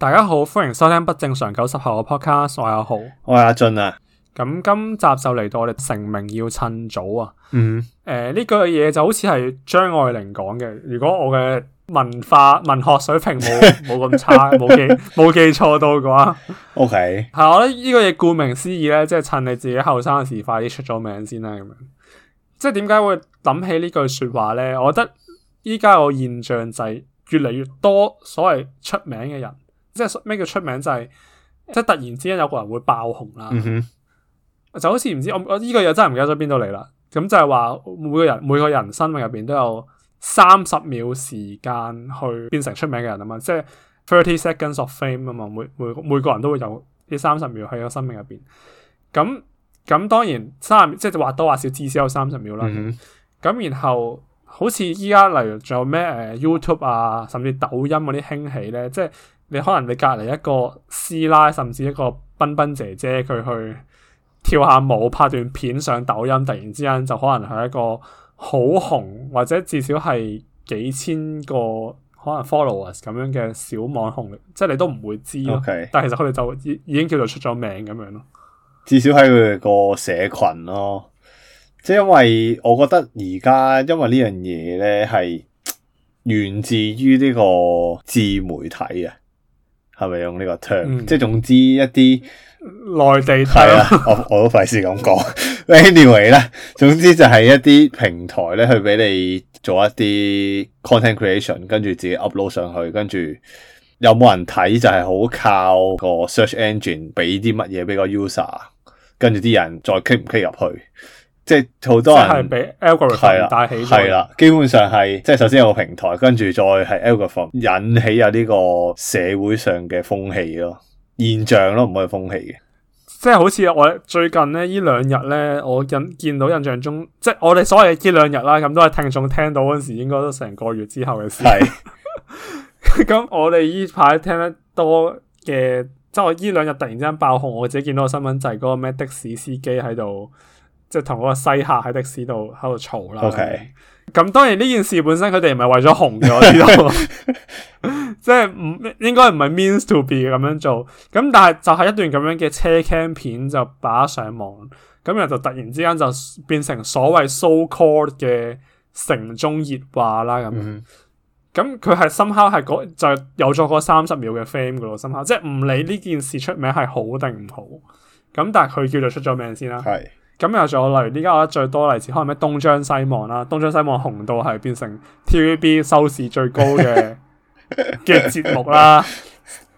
大家好，歡迎收聽不正常九十後嘅 podcast。我係阿豪，我係阿俊啊。咁今集就嚟到我哋成名要趁早啊。嗯，誒呃，呢句嘢，就好似係張愛玲講嘅。如果我嘅文化文學水平冇冇咁差，冇 記冇記錯到嘅話 ，OK 係我覺得呢個嘢顧名思義咧，即係趁你自己後生嘅時，快啲出咗名先啦。咁樣即係點解會諗起句呢句說話咧？我覺得依家我現象就係越嚟越，越多所謂出名嘅人。即係咩叫出名，就係、是、即係突然之間有個人會爆紅啦。嗯、哼就好似唔知我我呢個又真係唔記得咗邊度嚟啦。咁就係話每個人每個人生命入邊都有三十秒時間去變成出名嘅人啊嘛，即係 thirty seconds of fame 啊嘛。每每每個人都會有呢三十秒喺個生命入邊。咁咁當然三即係話多話少至少有三十秒啦。咁、嗯、哼然後好似依家例如仲有咩誒、呃、YouTube 啊，甚至抖音嗰啲興起咧，即係。你可能你隔籬一個師奶，甚至一個賓賓姐姐，佢去跳下舞拍段片上抖音，突然之間就可能係一個好紅，或者至少係幾千個可能 followers 咁樣嘅小網紅，即係你都唔會知咯。Okay. 但其實佢哋就已已經叫做出咗名咁樣咯。至少係佢哋個社群咯、啊，即係因為我覺得而家因為呢樣嘢咧係源自於呢個自媒體啊。係咪用呢個 term？、嗯、即係總之一啲內地睇、嗯、啊， 我我都費事咁講。 Anyway 咧，總之就係一啲平台咧，去俾你做一啲 content creation，跟住自己 upload 上去，跟住有冇人睇就係好靠個 search engine 俾啲乜嘢俾個 user，跟住啲人再 kick 唔 kick 入去。即係好多人俾 algorithm 帶起咗，係啦，基本上係即係首先有個平台，跟住再係 algorithm 引起有呢個社會上嘅風氣咯，現象咯，唔可以風氣嘅。即係好似我最近咧，呢兩日咧，我印見到印象中，即係我哋所謂嘅呢兩日啦，咁都係聽眾聽到嗰陣時，應該都成個月之後嘅事。係，咁我哋呢排聽得多嘅，即係我呢兩日突然之間爆紅，我自己見到新聞個新聞就係嗰個咩的士司機喺度。即係同嗰個西客喺的士度喺度嘈啦。咁 Okay. 當然呢件事本身佢哋唔係為咗紅咗，知道。即係唔應該唔係 means to be 咁樣做。咁但係就係一段咁樣嘅車 cam 片就擺上網，咁然後就突然之間就變成所謂 so called 嘅城中熱話啦。咁咁佢係深刻係就有咗嗰三十秒嘅 fame 嘅個深刻，即係唔理呢件事出名係好定唔好。咁但係佢叫做出咗名先啦。係。 咁又仲有，例如依家我得最多例子，可能咩東張西望啦，東張西望紅到係變成 TVB 收視最高嘅嘅節目啦。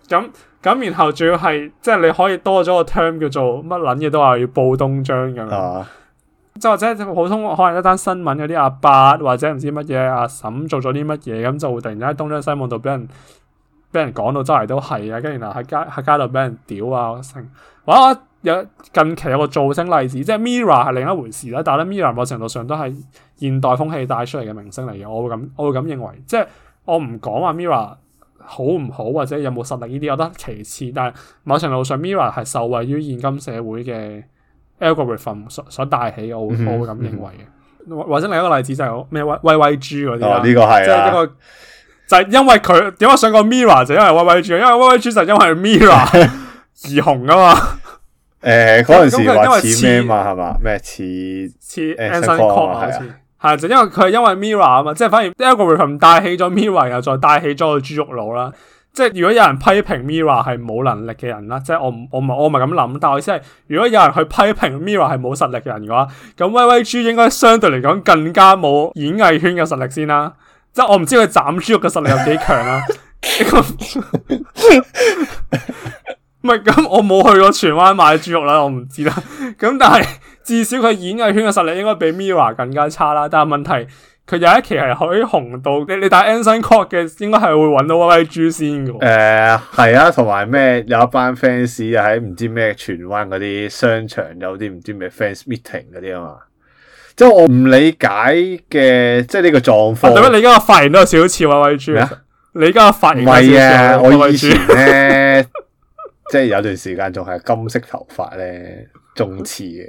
咁咁然後仲要係即係你可以多咗個 term 叫做乜撚嘢都話要報東張咁，即係、啊、或者普通可能一單新聞嗰啲阿伯或者唔知乜嘢阿嬸做咗啲乜嘢，咁就會突然間喺東張西望度俾人俾人講到周圍都係啊，跟住然後喺街喺街度俾人屌啊，成哇！有近期有個造星例子，即係 Mirror 係另一回事啦。但係 Mirror 某程度上都係現代風氣帶出嚟嘅明星嚟嘅，我會咁，我會咁認為。即係我唔講話 Mirror 好唔好或者有冇實力呢啲，有得其次。但係某程度上，Mirror 係受惠於現今社會嘅 algorithm 所所帶起，我會我會咁認為嘅。嗯嗯、或者另一個例子就係咩 V V G 嗰啲啦，即、欸、係、哦這個啊、一個就係、是、因為佢點解想講 Mirror 就因為 V V G，因為 V V G 就因為 Mirror 而紅啊嘛～ 誒，嗰陣、欸那個、時話似咩嘛，係嘛？咩似似？Anson Kong？係就因為佢係因為 Mirror 啊嘛，即係反而 e l l r a h a 帶起咗 Mirror，又再帶起咗豬肉佬啦。即係如果有人批評 Mirror 係冇能力嘅人啦，即係我唔我唔係我唔係咁諗。但係我意思係如果有人去批評 Mirror 係冇實力嘅人嘅話，咁 Y Y G 應該相對嚟講更加冇演藝圈嘅實力先啦。即係我唔知佢斬豬肉嘅實力有幾強啦。唔係咁，我冇去過荃灣買豬肉啦，我唔知啦。咁但係至少佢演藝圈嘅實力應該比 Mirror 更加差啦。但係問題佢有一期係可以紅到你，你打 Anson Kong 嘅，應該係會搵到威威豬先嘅。誒，係啊，同埋咩有一班 fans 喺唔知咩荃灣嗰啲商場有啲唔知咩 fans meeting 嗰啲啊嘛。即、就、係、是、我唔理解嘅，即係呢個狀況、啊。對唔起，你而家嘅髮型都有少少似威威豬。你而家嘅髮型唔係啊，我以前咧。 即係有段時間仲係金色頭髮咧，中刺嘅，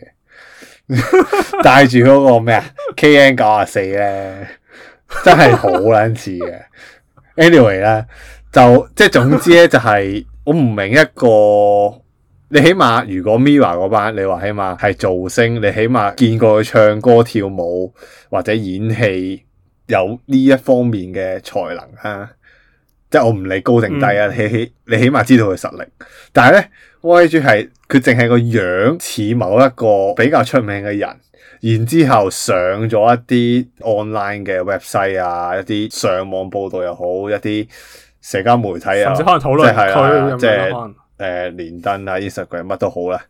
戴住嗰個咩啊 KN 九啊四咧，真係好撚似嘅。Anyway 咧，就即係總之咧，就係我唔明一個，你起碼如果 MIRROR 嗰班，你話起碼係造星，你起碼見過佢唱歌、跳舞或者演戲有呢一方面嘅才能啊。即係我唔理高定低啊，起起、嗯、你起碼知道佢實力。但係咧，YG 係佢淨係個樣似某一個比較出名嘅人，然之後上咗一啲 online 嘅 website 啊，一啲上網報道又好，一啲社交媒體甚至啊，即、就是、可能討論佢，即係誒，連登啊，Instagram 乜都好啦。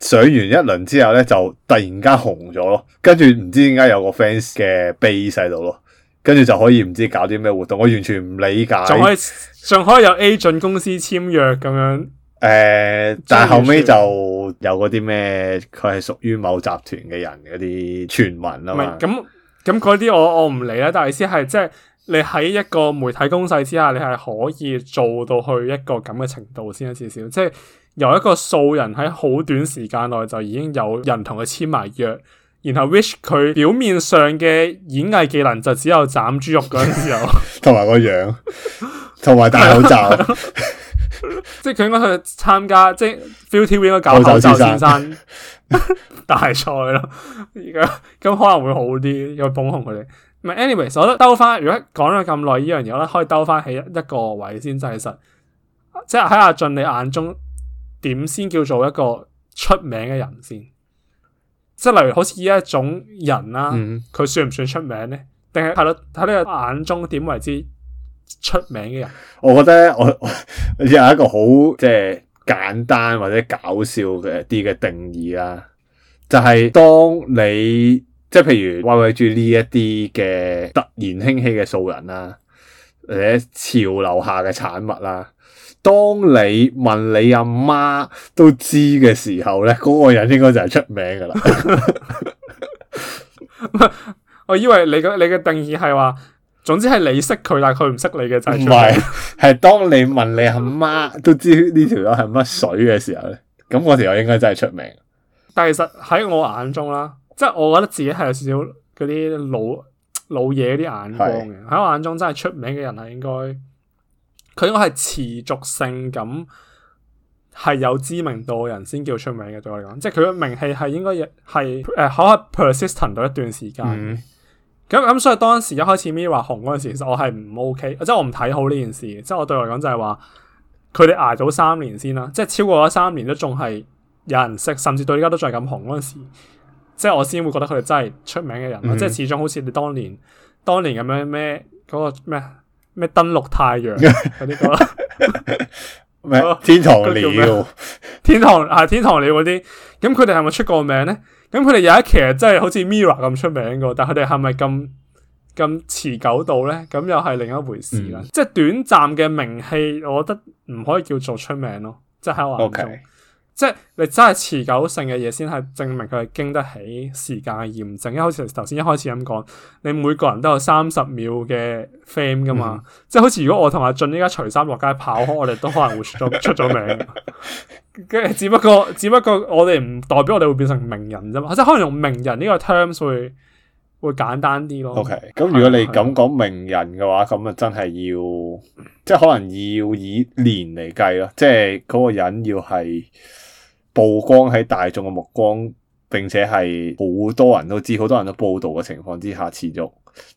上完一輪之後咧，就突然間紅咗咯，跟住唔知點解有個 fans 嘅 base 喺度咯。跟住就可以唔知搞啲咩活動，我完全唔理解。仲可以，仲可以有 agency 公司簽約咁樣。誒、呃，但係後屘就有嗰啲咩，佢係屬於某集團嘅人嗰啲傳聞啊嘛。唔係，咁咁嗰啲我我唔理啦。但係意思係，即係你喺一個媒體攻勢之下，你係可以做到去一個咁嘅程度先，至少即係由一個素人喺好短時間內就已經有人同佢簽埋約。然後 wish 佢表面上嘅演藝技能就只有斬豬肉嗰陣時候，同埋個樣，同埋戴口罩，即係佢應該去參加，即係 ViuTV 應該搞口罩先生 大賽賽咯了笑。而家咁可能會好啲，又捧紅佢哋。唔係，anyways，我覺得兜翻，如果講咗咁耐呢樣嘢咧，我可以兜翻起一個位先真係實，即係喺阿俊你眼中點先叫做一個出名嘅人先？即係例如好似呢一種人啦，佢、嗯、算唔算出名咧？定係係咯？喺呢個眼中點為之出名嘅人？我覺得我，我有一個好即係簡單或者搞笑嘅一啲嘅定義啦，就係、是、當你即係譬如圍住呢一啲嘅突然興起嘅素人啦。誒，潮流下嘅產物啦。當你問你阿媽，媽都知嘅時候咧，嗰、那個人應該就係出名噶啦。 我以為你嘅你嘅定義係話，總之係你識佢，但佢唔識你嘅就係唔係。係當你問你阿媽，媽都知呢條友係乜水嘅時候咧，咁嗰條友應該真係出名。 但其實喺我眼中啦，即係我覺得自己係有少少嗰啲老。老嘢啲眼光嘅，喺是我眼中真係出名嘅人係應、應該，佢應該係持續性咁係有知名度嘅人先叫出名嘅。對我嚟講，即係佢嘅名氣係應該係誒、呃、可係 persistent 到一段時間。咁咁、嗯、所以當時一開始 Mirror 紅嗰陣時，我係唔 OK，即係我唔睇好呢件事。即係我對我嚟講就係話，佢哋挨咗三年先啦，即係超過咗三年都仲係有人識，甚至到依家都仲係咁紅嗰陣時，即係我先會覺得佢哋真係出名嘅人咯，嗯、即係始終好似你當年當年咁樣咩嗰個咩咩登陸太陽嗰啲歌，天堂鳥，天堂啊天堂鳥嗰啲，咁佢哋係咪出過名咧？咁佢哋有一期真係好似 Mirror 咁出名噶，但係佢哋係咪咁咁持久度咧？咁又係另一回事啦。嗯、即係短暫嘅名氣，我覺得唔可以叫做出名咯，即係我眼中。Okay 即係你真係持久性嘅嘢，先係證明佢係經得起時間嘅驗證。因為好似頭先一開始咁講，你每個人都有三十秒嘅 fame 噶嘛？嗯、即係好似如果我同阿俊呢家除衫，落街跑開， 我哋都可能會出咗出咗名。跟住 只不過只不過我哋唔代表我哋會變成名人啫嘛，即係可能用名人呢個 terms 會會簡單啲咯。O K，咁如果你咁講名人嘅話，咁啊真係要 即係可能要以年嚟計咯，即係嗰個人要係。曝光喺大眾嘅目光，並且係好多人都知，好多人都報道嘅情況之下，持續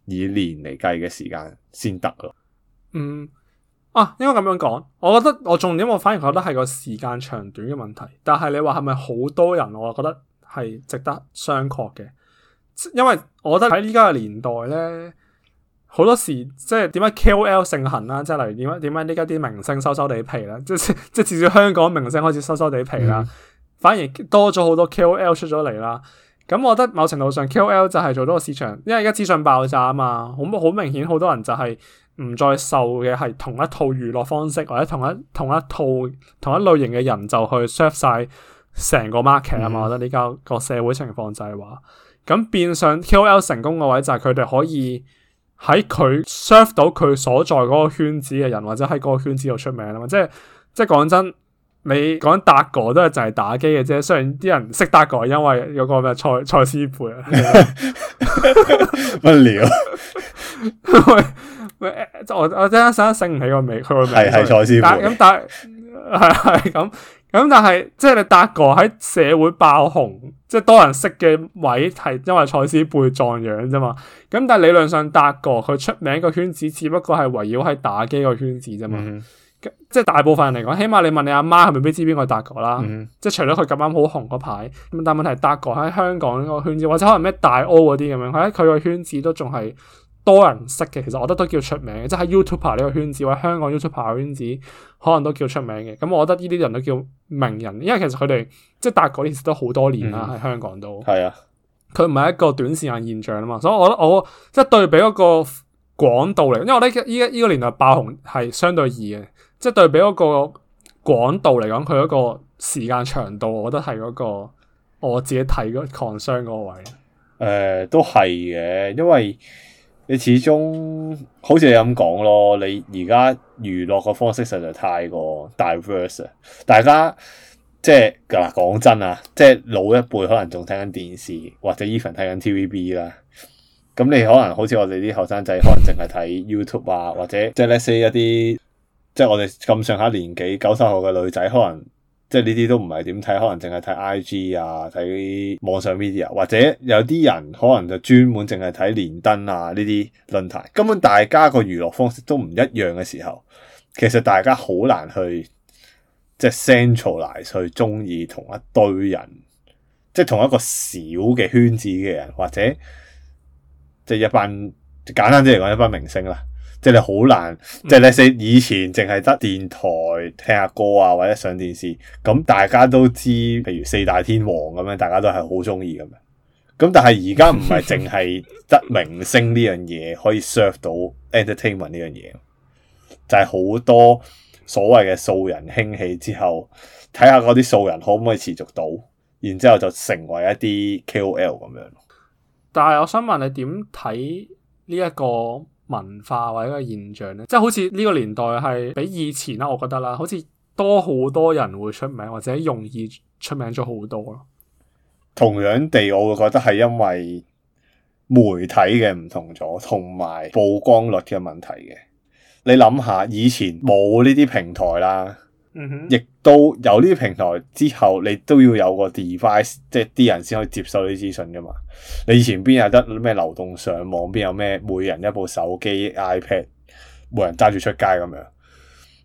以年嚟計嘅時間先得咯。嗯，啊，應該咁樣講。我覺得我重點，我反而覺得係個時間長短嘅問題。但係你話係咪好多人，我啊覺得係值得商榷嘅。因為我覺得喺依家嘅年代咧，好多時即係點解 KOL 盛行啦，即係例如點解點解依家啲明星收收地皮啦，即係即係至少香港明星開始收收地皮啦。嗯反而多咗好多 KOL 出咗嚟啦，咁我覺得某程度上 KOL 就係做多個市場，因為而家資訊爆炸啊嘛，好好明顯好多人就係唔再受嘅係同一套娛樂方式或者同一同一套同一類型嘅人就去 serve 晒成個 market 啊嘛，嗯、我覺得呢個個社會情況就係話，咁變相 KOL 成功嘅位就係佢哋可以喺佢 serve 到佢所在嗰個圈子嘅人，或者喺嗰個圈子度出名啊嘛，即係即係講真。你講達哥都係就係打機嘅啫，雖然啲人識達哥，因為有個咩蔡蔡思貝啊，乜料。我我真係想醒唔起個名，佢個名係蔡思貝。咁但係係係咁，咁但係即係你達哥喺社會爆紅，即係多人識嘅位係因為蔡思貝撞樣啫嘛。咁但係理論上達哥佢出名個圈子只不過係圍繞喺打機個圈子啫嘛。嗯即係大部分人嚟講，起碼你問你阿媽係咪未知邊個係達哥啦。嗯、即係除咗佢咁啱好紅嗰排，但係問題達哥喺香港呢個圈子，或者可能咩大 O 嗰啲咁樣，喺佢個圈子都仲係多人識嘅。其實我覺得都叫出名嘅，即係喺 YouTuber 呢個圈子，或者香港 YouTuber 圈子，可能都叫出名嘅。咁我覺得呢啲人都叫名人，因為其實佢哋即係達哥，其實都好多年啦喺、嗯、香港都。係啊，佢唔係一個短時間現象啊嘛。所以我覺得我即係對比一個廣度嚟，因為我覺得依家依個年代爆紅係相對易嘅。即係對比嗰個廣度嚟講，佢嗰個時間長度，我覺得係嗰，那個我自己睇個 concern 嗰個位。誒、呃，都係嘅，因為你始終好似你咁講咯，你而家娛樂個方式實在太過 diverse，大家即係嗱講真啊，即係老一輩可能仲睇緊電視或者 even 睇緊 TVB 啦，咁你可能好似我哋啲後生仔，可能淨係睇 YouTube 啊，或者即係 let's say 一啲。即係我哋咁上下年紀九十後嘅女仔，可能即係呢啲都唔係點睇，可能淨係睇 I G 啊，睇網上 media，或者有啲人可能就專門淨係睇連登啊呢啲論壇。根本大家個娛樂方式都唔一樣嘅時候，其實大家好難去即係 centralize 嚟去中意同一堆人，即係同一個小嘅圈子嘅人，或者即係一班簡單啲嚟講一班明星啦。即係你好難，嗯、即係你以前淨係得電台聽下歌啊，或者上電視，咁大家都知，譬如四大天王咁樣，大家都係好中意咁樣。咁但係而家唔係淨係得明星呢樣嘢可以 serve 到 entertainment 呢樣嘢，就係、是、好多所謂嘅素人興起之後，睇下嗰啲素人可唔可以持續到，然之後就成為一啲 KOL 咁樣。但係我想問你點睇呢一個？文化或者一個現象咧，即係好似呢個年代係比以前啦，我覺得啦，好似多好多人會出名，或者容易出名咗好多咯。同樣地，我會覺得係因為媒體嘅唔同咗，同埋曝光率嘅問題嘅。你諗下，以前冇呢啲平台啦。亦都、嗯、有呢啲平台之後，你都要有個 device，即係啲人先可以接受呢啲資訊噶嘛。你以前邊有得咩流動上網，邊有咩每人一部手機 iPad，每人揸住出街咁樣。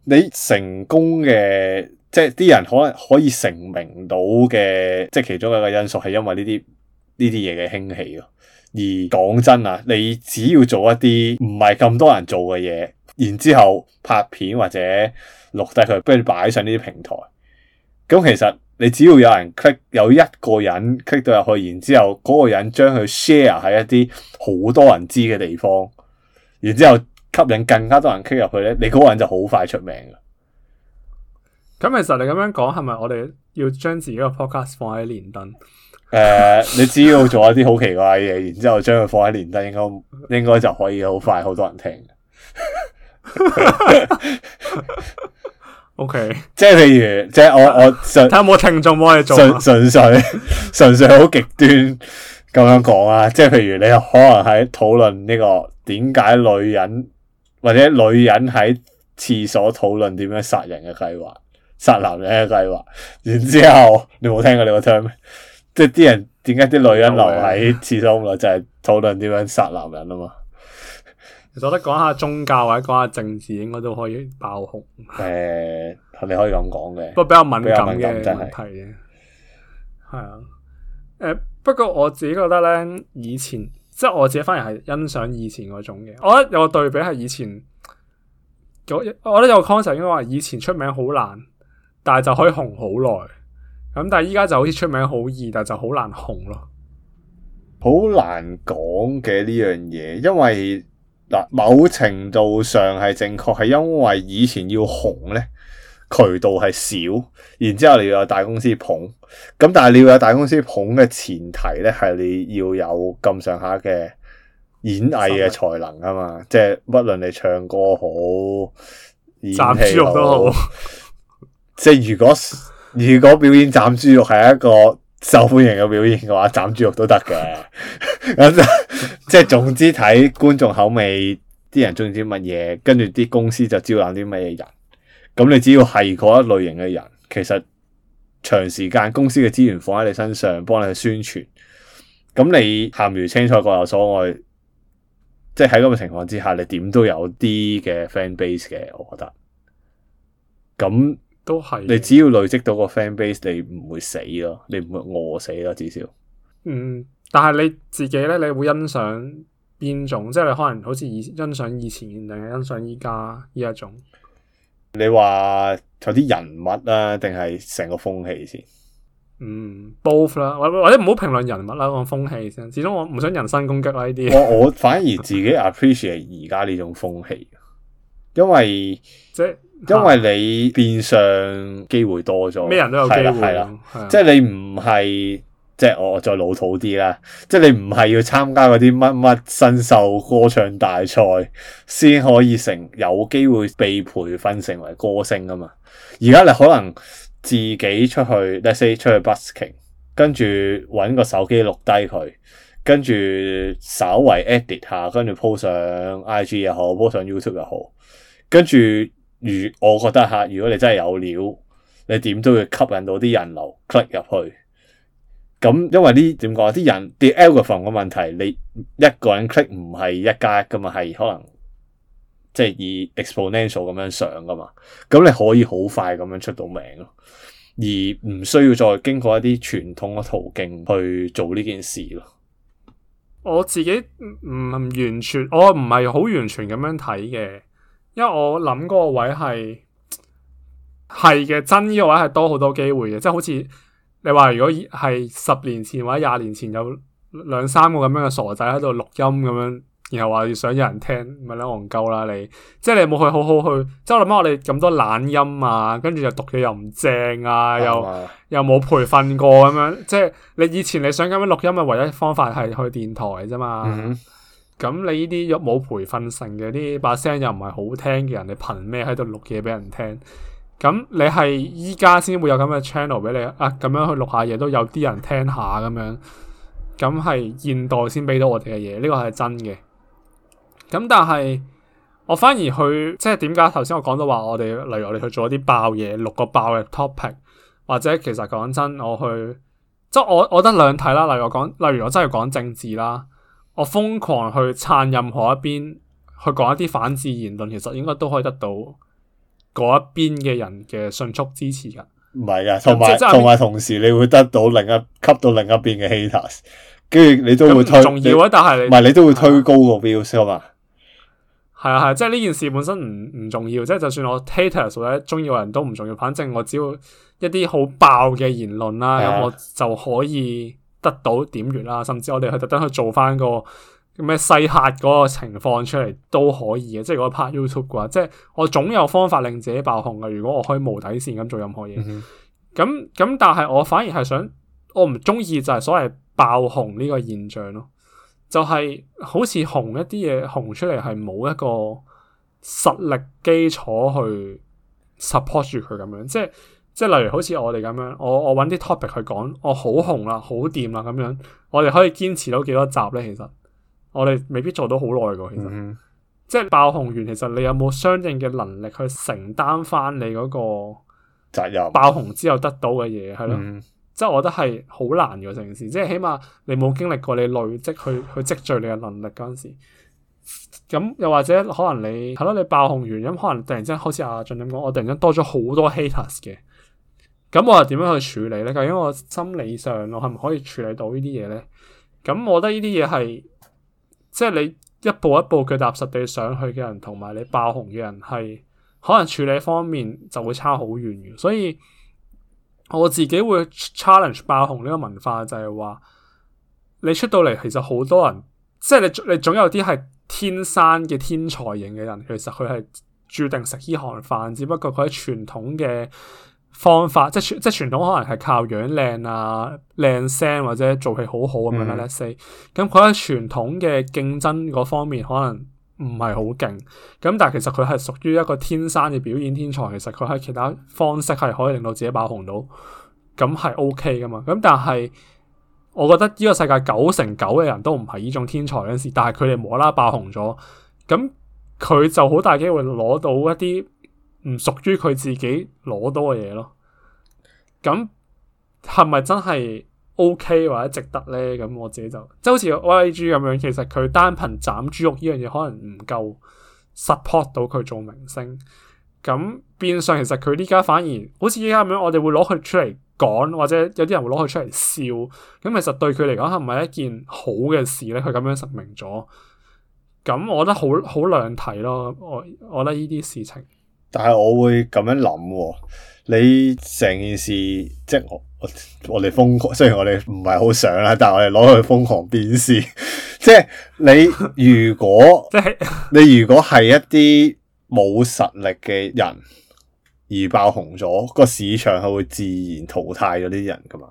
你成功嘅，即係啲人可能可以成名到嘅，即係其中一個因素係因為呢啲呢啲嘢嘅興起咯。而講真啊，你只要做一啲唔係咁多人做嘅嘢，然之後拍片或者。錄低佢，不如擺上呢啲平台。咁其實你只要有人 click，有一個人 click 到入去，然之後嗰個人將佢 share 喺一啲好多人知嘅地方，然之後吸引更加多人 click 入去咧，你嗰個人就好快出名嘅。咁其實你咁樣講，係咪我哋要將自己個 podcast 放喺連登？誒、呃，你只要做一啲好奇怪嘅嘢，然之後將佢放喺連登，應該應該就可以好快好多人聽嘅。 O Okay . K，即係譬如，即係我、啊、我純睇有冇聽眾幫你做，純純粹純粹好極端咁樣講啊。即係譬如你可能喺討論呢個點解女人或者女人喺廁所討論點樣殺人嘅計劃，殺男人嘅計劃。然之後 你冇聽過呢個 term 咩？即係啲人點解啲女人留喺廁所咁耐，就係討論點樣殺男人啊嘛？其實我覺得講下宗教或者講下政治，應該都可以爆紅。誒、呃，你可以咁講嘅，不過比較敏感嘅問題咧，係啊。誒、呃，不過我自己覺得咧，以前即係我自己反而係欣賞以前嗰種嘅。我覺得有個對比係以前，我我覺得有個 concept，應該話以前出名好難，但係就可以紅好耐。咁但係依家就好似出名好易，但係就好難紅咯。好難講嘅呢樣嘢，因為。嗱，某程度上係正確，係因為以前要紅咧，渠道係少，然之後你要有大公司捧，咁但係你要有大公司捧嘅前提咧，係你要有咁上下嘅演藝嘅才能啊嘛，麼即係不論你唱歌好，演戲又好，好 即係如果如果表演斬豬肉係一個。受歡迎嘅表現嘅話，斬豬肉都得㗎。咁即係總之睇觀眾口味，啲人中意啲乜嘢，跟住啲公司就招攬啲乜嘢人。咁你只要係嗰一類型嘅人，其實長時間公司嘅資源放喺你身上，幫你去宣傳。咁你鹹魚青菜各有所愛，即係喺咁嘅情況之下，你點都有啲嘅 fan base 嘅，我覺得。咁。都係你只要累積到個 fan base，你唔會死咯，你唔會餓死咯，至少。嗯，但係你自己咧，你會欣賞邊種？即係你可能好似以欣賞以前定係欣賞依家呢一種？你話有啲人物啊，定係成個風氣先？嗯，both 啦，或或者唔好評論人物啦，講風氣先。始終我唔想人身攻擊啦呢啲。我我反而自己 appreciate 而家呢種風氣， 因為即係。因為你變相機會多咗，咩人都有機會，係啦。即係你唔係，即係我再老土啲啦。即係你唔係要參加嗰啲乜乜新秀歌唱大賽先可以成有機會被培訓成為歌星啊嘛。而家你可能自己出去、嗯、let's say 出去 busking，跟住搵個手機錄低佢，跟住稍微 edit 下，跟住鋪上 IG 又好，鋪上 YouTube 又好，跟住。如我覺得吓，如果你真係有料，你點都要吸引到啲人流 click 入去。咁因為呢點講啲人 the algorithm 嘅問題，你一個人 click 唔係一加一噶嘛，係可能即係以 exponential 咁樣上噶嘛。咁你可以好快咁樣出到名咯，而唔需要再經過一啲傳統嘅途徑去做呢件事咯。我自己唔完全，我唔係好完全咁樣睇嘅。因為我諗嗰個位係係嘅，真呢個位係多好多機會嘅，即係好似你話如果係十年前或者廿年前有兩三個咁樣嘅傻仔喺度錄音咁樣，然後話想有人聽，咪你戇鳩啦你！即係你冇去好好去，即係我諗下我哋咁多懶音啊，跟住又讀嘢又唔正啊，又、嗯、哼又冇培訓過咁樣，即係你以前你想咁樣錄音嘅唯一方法係去電台啫嘛。嗯咁你呢啲又冇培訓性嘅啲把聲又唔係好聽嘅人，你憑咩喺度錄嘢俾人聽？咁你係依家先會有咁嘅 channel 俾你啊？咁樣去錄下嘢都有啲人聽下咁樣，咁係現代先俾到我哋嘅嘢，呢個係真嘅。咁但係我反而去即係點解頭先我講到話我哋例如我哋去做一啲爆嘢，錄個爆嘅 topic，或者其實講真我我，我去即係我我覺得兩睇啦。例如我講，例如我真係講政治啦。我瘋狂去撐任何一邊，去講一啲反智言論，其實應該都可以得到嗰一邊嘅人嘅迅速支持嘅，唔係嘅，同埋同埋同時你會得到另一吸到另一邊嘅 haters，跟住你都會推重要啊，但係唔係你都會推高個 views 啊嘛，係啊係，即係呢件事本身唔唔重要，即係就算我 haters 或者，中意我嘅人都唔重要，反正我只要一啲好爆嘅言論啦，咁的我就可以。得到點閱啦，甚至我哋去特登去做翻個咩細客嗰個情況出嚟都可以嘅，即係嗰 part YouTube 嘅話。即係我總有方法令自己爆紅嘅。如果我可以無底線咁做任何嘢，咁咁、嗯哼，但係我反而係想，我唔中意就係所謂爆紅呢個現象咯。就係、是、好似紅一啲嘢紅出嚟係冇一個實力基礎去 support 住佢咁樣，即係。即係例如好似我哋咁樣，我我搵啲 topic 去講，我好、哦、紅啦，好掂啦咁樣，我哋可以堅持到幾多集咧？其實我哋未必做到好耐噶其實，嗯、即係爆紅完，其實你有冇相應嘅能力去承擔翻你嗰個責任？爆紅之後得到嘅嘢係咯，即係我覺得係好難嘅成件事。即係起碼你冇經歷過，你累積去去積聚你嘅能力嗰陣時，咁又或者可能你係咯，你爆紅完，咁可能突然之間好似阿俊咁講，我突然間多咗好多 haters 嘅。咁我又點樣去處理咧？究竟我心理上我係咪可以處理到呢啲嘢咧？咁我覺得呢啲嘢係，即係你一步一步腳踏實地上去嘅人，同埋你爆紅嘅人，係可能處理方面就會差好遠嘅。所以我自己會 challenge 爆紅呢個文化就，就係話你出到嚟，其實好多人，即係你你總有啲係天生嘅天才型嘅人，其實佢係注定食呢行飯，只不過佢喺傳統嘅。方法即係即係，傳統，可能係靠樣靚啊、靚聲或者做戲好好咁樣啦。l e 咁佢喺傳統嘅競爭嗰方面可能唔係好勁。咁但係其實佢係屬於一個天生嘅表演天才。其實佢喺其他方式係可以令到自己爆紅到，咁係 OK 噶嘛？咁但係我覺得呢個世界九成九嘅人都唔係呢種天才陣時，但係佢哋無啦啦爆紅咗，咁佢就好大機會攞到一啲。唔屬於佢自己攞到嘅嘢咯，咁係咪真係 OK 或者值得咧？咁我自己就即係好似 o i g 咁樣，其實佢單憑斬豬肉呢樣嘢可能唔夠 support 到佢做明星。咁變相其實佢依家反而好似依家咁樣，我哋會攞佢出嚟講，或者有啲人會攞佢出嚟笑。咁其實對佢嚟講係咪一件好嘅事咧？佢咁樣實名咗，咁我覺得好好兩睇咯。我我覺得呢啲事情。但係我會咁樣諗、哦，你成件事即係我我哋瘋狂，雖然我哋唔係好想啦，但係我哋攞佢瘋狂變事， 即係你如果即係 你如果係一啲冇實力嘅人而爆紅咗，個市場係會自然淘汰咗呢啲人噶嘛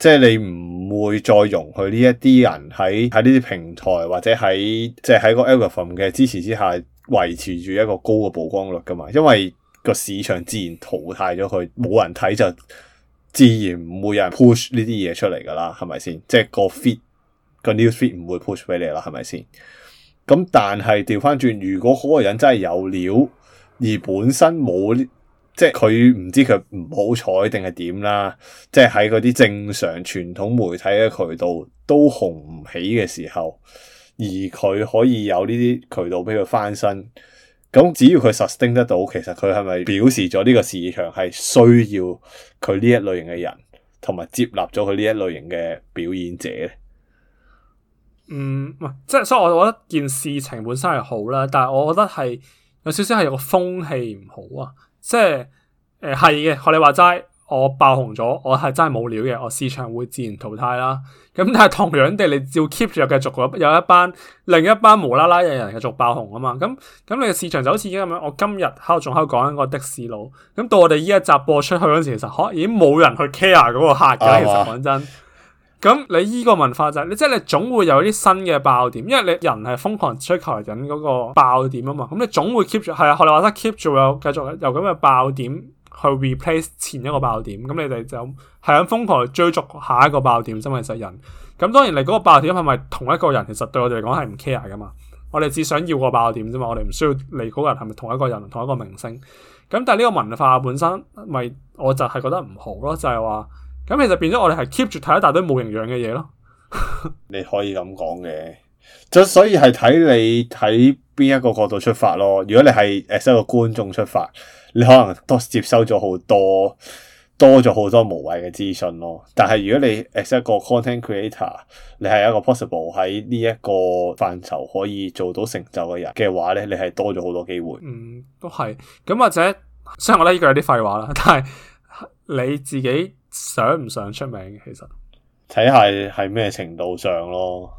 即係你唔會再容許呢一啲人喺喺呢啲平台或者喺即係喺個 algorithm 嘅支持之下。維持住一個高嘅曝光率噶嘛，因為個市場自然淘汰咗佢，冇人睇就自然唔會有人 push 呢啲嘢出嚟噶啦，係咪先？即係個 feed 個 news feed 唔會 push 俾你啦，係咪先？咁但係調翻轉，如果嗰個人真係有料，而本身冇，即係佢唔知佢唔好彩定係點啦，即係喺嗰啲正常傳統媒體嘅渠道都紅唔起嘅時候，而佢可以有呢啲渠道俾佢翻身，咁只要佢實定得到，其實佢係咪表示咗呢個市場係需要佢呢一類型嘅人，同埋接納咗佢呢一類型嘅表演者咧？嗯，即係所以我覺得件事情本身係好啦，但係我覺得係有少少係有個風氣唔好啊，即係誒係嘅，學、呃、你話齋。我爆紅咗，我係真係冇料嘅，我市場會自然淘汰啦。咁但係同樣地，你照 keep 住繼續有有一班另一班無啦啦嘅人繼續爆紅啊嘛。咁、嗯、咁、嗯嗯嗯嗯、你嘅市場就好似咁樣，我今日喺度仲喺度講緊個的士佬，咁、嗯、到我哋依一集播出去嗰時，其實已經冇人去 care 嗰個客嘅。其實講真，咁、 嗯、你依個文化就係、是、你即、就、係、是、你總會有啲新嘅爆點，因為你人係瘋狂追求緊嗰個爆點啊嘛。咁、嗯嗯、你總會 keep 住係啊，學你話齋 keep 住有繼續有由咁嘅爆點。去 replace 前一個爆點，咁你哋就係咁瘋狂去追逐下一個爆點，真係實人。咁當然你嗰個爆點係咪同一個人，其實對我哋嚟講係唔 care 噶嘛。我哋只想要個爆點啫嘛，我哋唔需要你嗰個人係咪同一個人，同一個明星。咁但係呢個文化本身，咪我就係覺得唔好咯，就係話咁其實變咗我哋係 keep 住睇一大堆冇營養嘅嘢咯。你可以咁講嘅，即所以係睇你睇邊一個角度出發咯。如果你係誒，一個觀眾出發。你可能多接收咗好多多咗好多無謂嘅資訊咯，但係如果你係一個 content creator，你係一個 possible 喺呢一個範疇可以做到成就嘅人嘅話咧，你係多咗好多機會。嗯，都係。咁或者雖然我覺得呢個有啲廢話啦，但係你自己想唔想出名？其實睇下係咩程度上咯，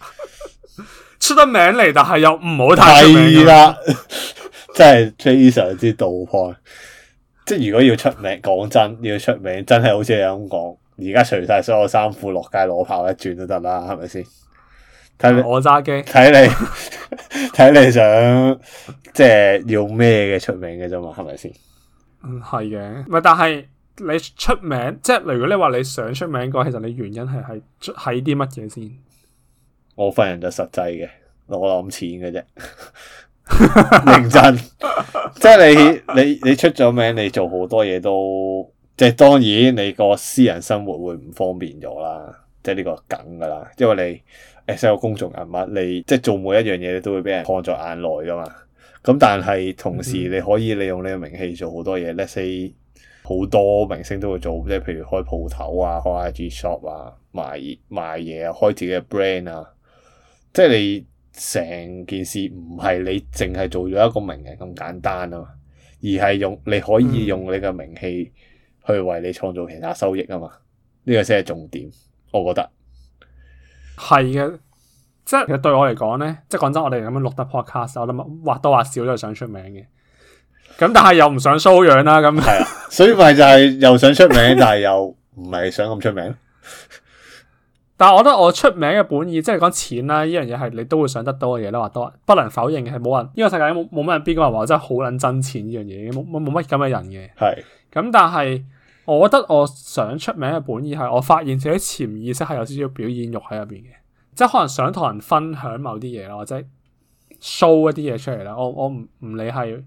出得名嚟，但係又唔好太出名啦。是的 真係非常之道破，即係如果要出名，講真，要出名真係好似你咁講。而家除晒所有衫褲，落街攞跑，裸一轉都得啦，係咪先？睇我揸機，睇你睇你想 即係要咩嘅出名嘅啫嘛？係咪先？嗯，係嘅，係但係你出名，即係如果你話你想出名嘅話，其實你原因係係喺啲乜嘢先？我份人就實際嘅，攞諗錢嘅啫。認真， 即係你你你出咗名，你做好多嘢都，即係當然你個私人生活會唔方便咗啦，即係呢個梗噶啦，因為你誒，成個公眾人物，你即係做每一樣嘢你都會俾人看在眼內噶嘛，咁但係同時你可以利用你嘅名氣做好多嘢 ，Let's say，好多明星都會做，即係譬如開鋪頭啊，開 I G shop 啊，賣賣嘢啊，開自己嘅 brand 啊，即係你。成件事唔係你淨係做咗一個名人咁簡單啊嘛，而係用你可以用你嘅名氣去為你創造其他收益啊嘛，呢個先係重點，我覺得係嘅。即係其實對我嚟講咧，即係講真，我哋咁樣錄得 podcast，我諗或多或少都係想出名嘅。咁但係又唔想搔癢啦，咁係啊。所以咪就係又想出名， 但係又唔係想咁出名。但係我覺得我出名嘅本意，即係講錢啦，啊，呢樣嘢係你都會想得到嘅嘢咧，話多不能否認嘅係冇人，呢個世界冇冇乜人邊個話話真係好捻真錢呢樣嘢，冇冇乜咁嘅人嘅。係咁，但係我覺得我想出名嘅本意係，我發現自己潛意識係有少少表演欲喺入邊嘅，即係可能想同人分享某啲嘢咯，或者 show 一啲嘢出嚟啦。我我唔唔理係，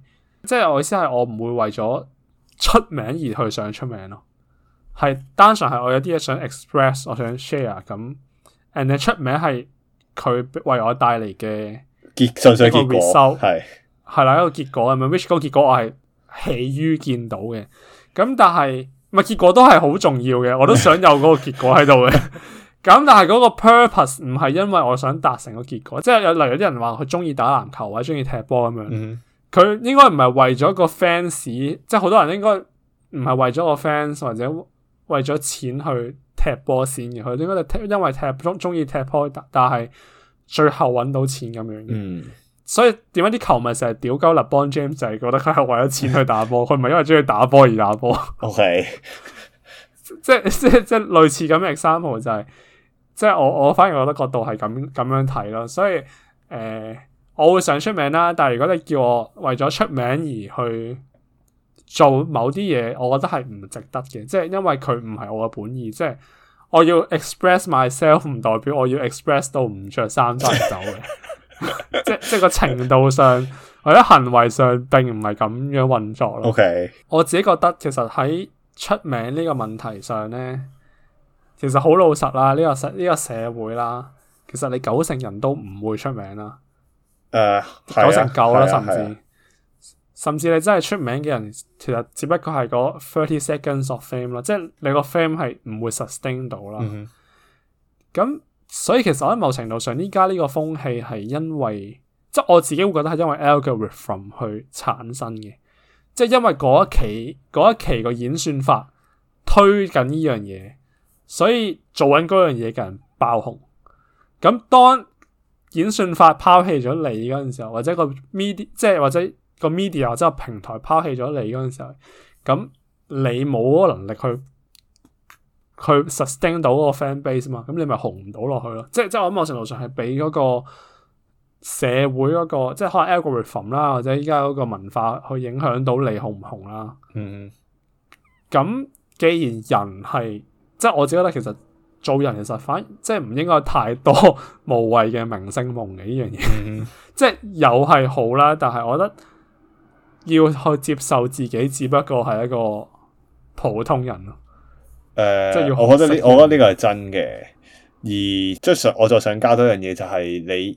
即係我意思係我唔會為咗出名而去想出名咯。係單純係我有啲嘢想 express，我想 share 咁，人哋出名係佢為我帶嚟嘅結，上上結果，係係啦一個結果，係咪？which 嗰個結果我係喜於見到嘅，咁但係咪係結果都係好重要嘅，我都想有嗰個結果喺度嘅。咁 但係嗰個 purpose 唔係因為我想達成個結果，即係有例如有啲人話佢中意打籃球或者中意踢波咁樣，佢、嗯、應該唔係為咗個 fans，即係好多人應該唔係為咗個 fans 或者。為咗錢去踢波先嘅，佢點解？係因為踢中中意踢波，但係最後揾到錢咁樣嘅。嗯、所以點解啲球迷成日屌鳩立邦 James 就係覺得佢係為咗錢去打波，佢唔係因為中意打波而打波。OK，即係即係即係類似咁嘅 example 就係，即係我我反而覺得角度係咁咁樣睇咯。所以誒、呃，我會想出名啦，但係如果你叫我為咗出名而去。做某啲嘢，我覺得係唔值得嘅，即係因為佢唔係我嘅本意。即係我要 express myself，唔代表我要 express 到唔着衫翻走嘅。 即即係個程度上，或者行為上並唔係咁樣運作咯。OK，我自己覺得其實喺出名呢個問題上咧，其實好老實啦。呢個社呢個社會啦，其實你九成人都唔會出名啦。誒，uh, 九成九啦，uh, 甚至。甚至你真係出名嘅人，其實只不過係個 thirty seconds of fame 啦，即係你個 fame 係唔會 sustain 到啦。咁，嗯哼，所以其實我喺某程度上，依家呢個風氣係因為，即係我自己會覺得係因為 algorithm 去產生嘅，即係因為嗰一期嗰一期個演算法推緊呢樣嘢，所以做緊嗰樣嘢嘅人爆紅。咁當演算法拋棄咗你嗰陣時候，或者個 media，即係或者。個 media 即係平台拋棄咗你嗰陣時候，咁你冇嗰個能力去去 sustain 到個 fan base 嘛？咁你咪紅唔到落去咯。即係即係，我諗某程度上係俾嗰個社會嗰、那個，即係可能 algorithm 啦，或者依家嗰個文化去影響到你紅唔紅啦、啊。嗯、mm。咁、hmm. 既然人係，即係我自己覺得，其實做人其實反而即係唔應該太多無謂嘅明星夢嘅呢樣嘢。Mm hmm. 即係有係好啦，但係我覺得。要去接受自己，只不過係一個普通人咯。誒、呃，我覺得呢，我覺得呢個係真嘅。而即係我就想加多樣嘢，就係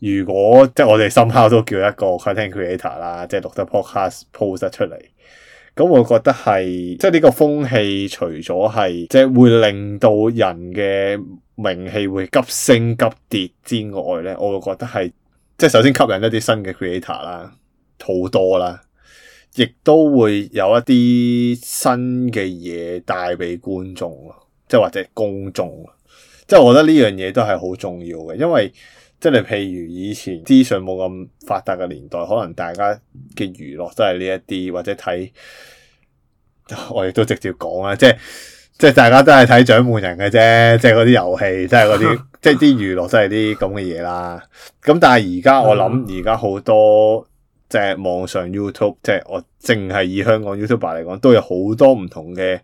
你如果即係我哋深口都叫一個 content creator 啦，即係錄得 podcast post 出嚟，咁我覺得係即係呢個風氣除，除咗係即係會令到人嘅名氣會急升急跌之外咧，我會覺得係即係首先吸引一啲新嘅 creator 啦。好多啦，亦都會有一啲新嘅嘢帶俾觀眾，即係或者公眾，即係我覺得呢樣嘢都係好重要嘅，因為即係譬如以前資訊冇咁發達嘅年代，可能大家嘅娛樂都係呢一啲或者睇，我亦都直接講啦，即係即係大家都係睇獎門人嘅啫，即係嗰啲遊戲， 即係嗰啲即係啲娛樂，都係啲咁嘅嘢啦。咁但係而家我諗，而家好多。即係網上 YouTube，即係我淨係以香港 YouTuber 嚟講，都有好多唔同嘅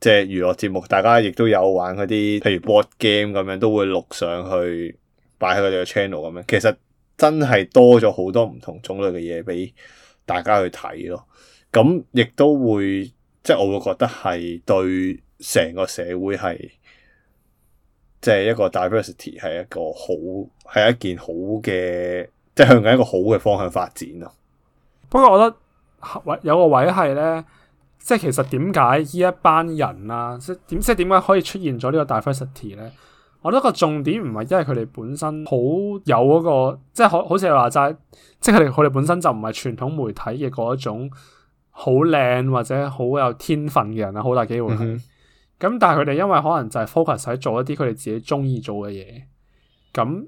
即係娛樂節目，大家亦都有玩嗰啲，譬如 board game 咁樣，都會錄上去擺喺佢哋嘅 channel 咁樣。其實真係多咗好多唔同種類嘅嘢俾大家去睇咯。咁亦都會，即係我會覺得係對成個社會係即係一個 diversity 係一個好係一件好嘅。即係向緊一個好嘅方向發展咯。不過我覺得有個位係咧，即係其實點解呢一班人啊，即係點即係點解可以出現咗呢個 diversity 咧？我覺得個重點唔係因為佢哋本身好有嗰個，即係可好似係話齋，即係佢哋本身就唔係傳統媒體嘅嗰一種好靚或者好有天分嘅人啊，好大機會。咁、嗯、哼但係佢哋因為可能就係 focus 喺做一啲佢哋自己中意做嘅嘢，咁。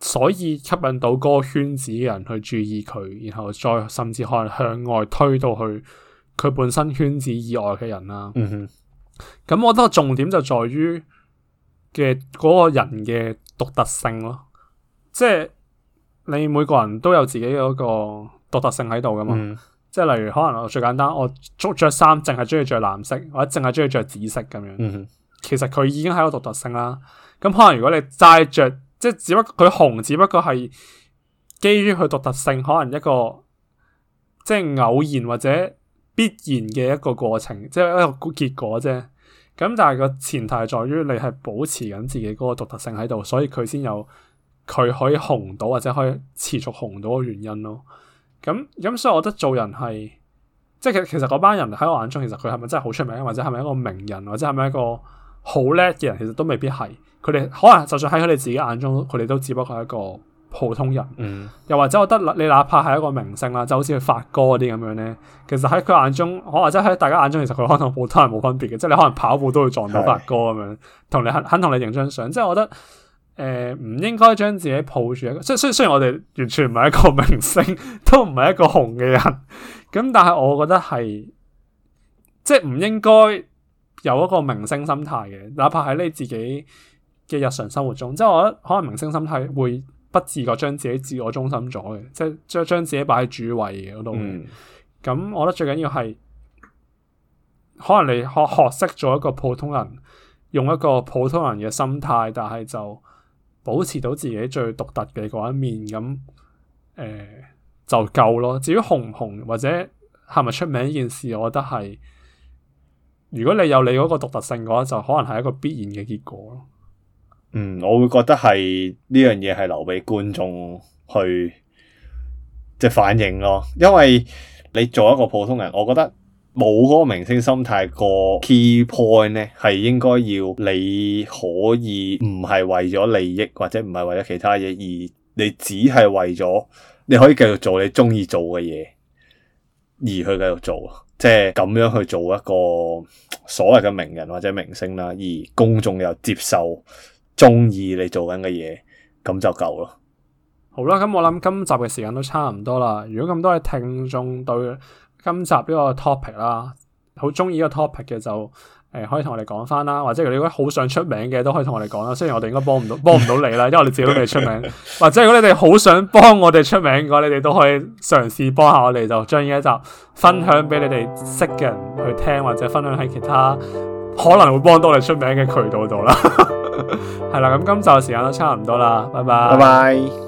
所以吸引到嗰個圈子嘅人去注意佢，然後再甚至可能向外推到去佢本身圈子以外嘅人啦。咁、嗯、哼我覺得重點就在於嘅嗰個人嘅獨特性咯。即係你每個人都有自己嗰個獨特性喺度噶嘛。嗯、即係例如可能我最簡單，我着衫淨係中意着藍色，或者淨係中意着紫色咁樣。嗯、哼其實佢已經係個獨特性啦。咁可能如果你齋着。即係只不過佢紅，只不過係基於佢獨特性，可能一個即係偶然或者必然嘅一個過程，即係一個結果啫。咁但係個前提係在於你係保持緊自己嗰個獨特性喺度，所以佢先有佢可以紅到或者可以持續紅到嘅原因咯。咁咁，所以我覺得做人係即係其實其實嗰班人喺我眼中，其實佢係咪真係好出名，或者係咪一個名人，或者係咪一個好叻嘅人，其實都未必係。佢哋可能就算喺佢哋自己眼中，佢哋都只不過係一個普通人。嗯，又或者我覺得你哪怕係一個明星啦、啊，就好似發哥嗰啲咁樣咧，其實喺佢眼中，可能即係喺大家眼中，其實佢可能普通人冇分別嘅，即係你可能跑步都會撞到發哥咁樣，同是你肯同你影張相。即係我覺得，誒、呃，唔應該將自己抱住一個，雖雖雖然我哋完全唔係一個明星，都唔係一個紅嘅人，咁但係我覺得係，即係唔應該有一個明星心態嘅，哪怕係你自己。嘅日常生活中，即係我覺得可能明星心態會不自覺將自己自我中心咗嘅，即係將將自己擺喺主位嗰度咁，嗯、我覺得最緊要係可能你學學識咗一個普通人，用一個普通人嘅心態，但係就保持到自己最獨特嘅嗰一面咁，誒、呃、就夠咯。至於紅唔紅或者係咪出名呢件事，我覺得係如果你有你嗰個獨特性嘅話，就可能係一個必然嘅結果咯。嗯，我會覺得係呢樣嘢係留俾觀眾去即係反應咯。因為你做一個普通人，我覺得冇嗰個明星心態個 key point 呢係應該要你可以唔係為咗利益或者唔係為咗其他嘢，而你只係為咗你可以繼續做你中意做嘅嘢，而去繼續做，即係咁樣去做一個所謂嘅名人或者明星啦。而公眾又接受。中意你做緊嘅嘢，咁就夠咯。好啦，咁我諗今集嘅時間都差唔多啦。如果咁多嘅聽眾對今集呢個 topic 啦，好中意呢個 topic 嘅，就、呃、誒可以同我哋講翻啦。或者如果你好想出名嘅，都可以同我哋講啦。雖然我哋應該幫唔到幫唔 到你啦，因為我哋自己都未出名。 或者如果你哋好想幫我哋出名嘅話，你哋都可以嘗試幫下我哋，就將呢一集分享俾你哋識嘅人去聽，或者分享喺其他可能會幫到你出名嘅渠道度啦。 係啦，咁 今集嘅時間都差唔多啦，拜拜。Bye bye.